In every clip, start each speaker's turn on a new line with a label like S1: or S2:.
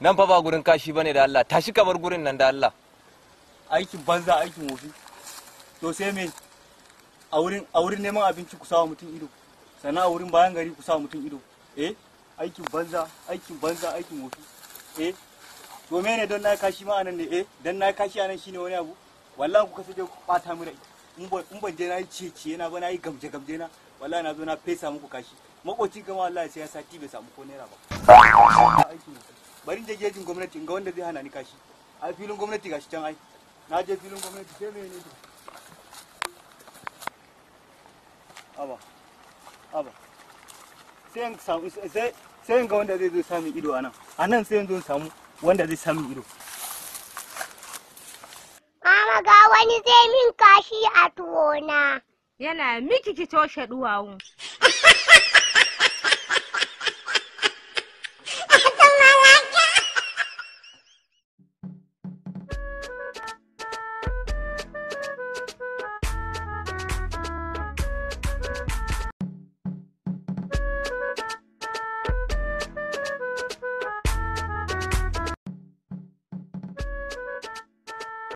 S1: nan fa ba gurin kashi bane da Allah tashi ka bar gurin nan da Allah aikin banza aikin wofi to sai me a wurin a wurin neman abinci ku sawa mutum ido sannan a wurin bayan gari ku sawa mutum ido eh aikin banza aikin banza aikin wofi eh to ne don na kashi ma anan ne eh don na kashi anan shine wani abu wallahi ku kace ku bata mu rai in ban je na yi ciye-ciye na ba na yi gamje-gamje na wallahi na zo na fesa muku kashi makoci gama wallahi sai ya sati bai samu ko naira ba bari je gejin gwamnati ga wanda zai hana ni kashi a filin gwamnati gashi can ai na je filin gwamnati sai me ne aba aba sai in samu sai sai ga wanda zai zo samun ido anan anan sai in zo samu wanda zai samu ido mama ga wani zai min kashi a tuwo na yana miki ki toshe duwawun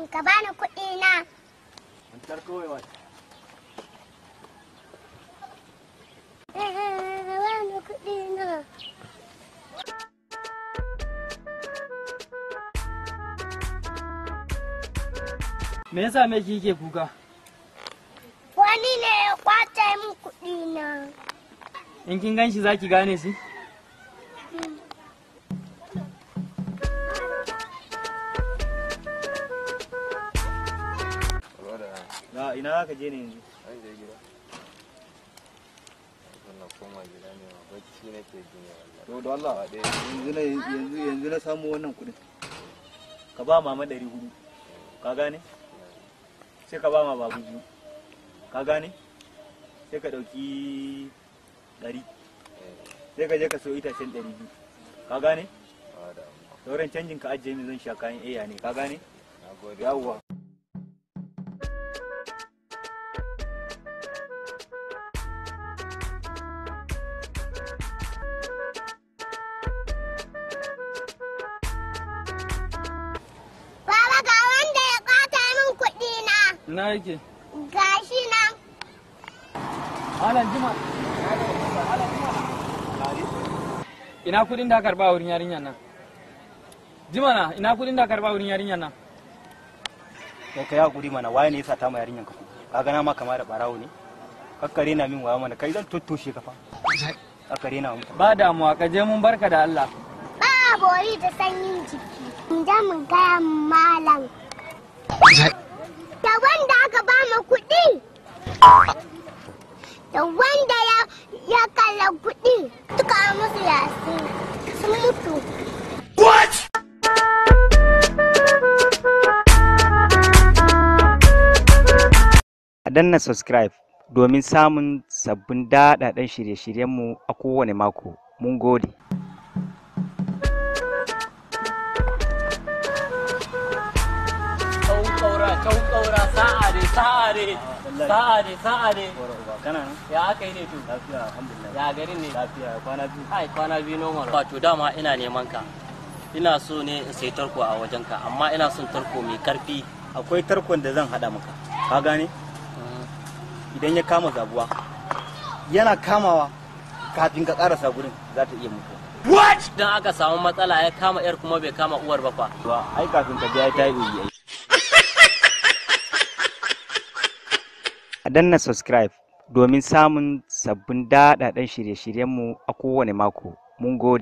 S1: Malam ka bani kuɗi na. Eh, me yasa me kike kuka? Wani ne ya kwata min kuɗi na. In kin ganshi zaki gane shi? na ina ka yanzu an je wannan koma gida ne ma bacci nake da Allah ka ba mama sai ka ba ma babu biyu ka gane sai ka ɗauki ɗari eh. sai ka je ka itacen ɗari biyu ka gane sauran canjin ka ajiye min zan sha kayan iya ne ka gane yawwa Ina yake? Gashi nan. Alan jima. Ina kudin da karba wurin yarinyar nan? Jima na, ina kudin da karba wurin yarinyar nan? Kai ka hakuri mana waye ne yasa ta ma yarinyar ka? Ka gana ma kamar da barawo ne? Kakkare na min waya mana kai zan tottoshe ka fa. Kakkare na mu. Ba damuwa ka je mun barka da Allah. Ba bori da sanyin jiki. Mun ga mun ga malam. da wanda aka ba mu kuɗi da wanda ya kalla kuɗi duka musu yasi sun mutu What? A danna subscribe domin samun sabbin daɗaɗɗen shirye-shiryenmu a kowane mako. Mun gode. kaura sa'a ne sa'a ne sa'a ne sa'a ne ya aka yi ne to lafiya alhamdulillah ya garin ne lafiya kwana biyu ai kwana biyu normal wato dama ina neman ka ina so ne in sayi tarko a wajen ka amma ina son tarko mai karfi akwai tarkon da zan hada maka ka gane mm. idan ya kama zabuwa yana kamawa kafin ka karasa gurin za ta iya mutu What? Idan aka samu matsala ya kama 'yar kuma bai kama uwar ba fa. Ai kafin ka biya ta yi danna subscribe domin samun sabbin daɗaɗɗen shirye-shiryenmu a kowane mako. Mun gode.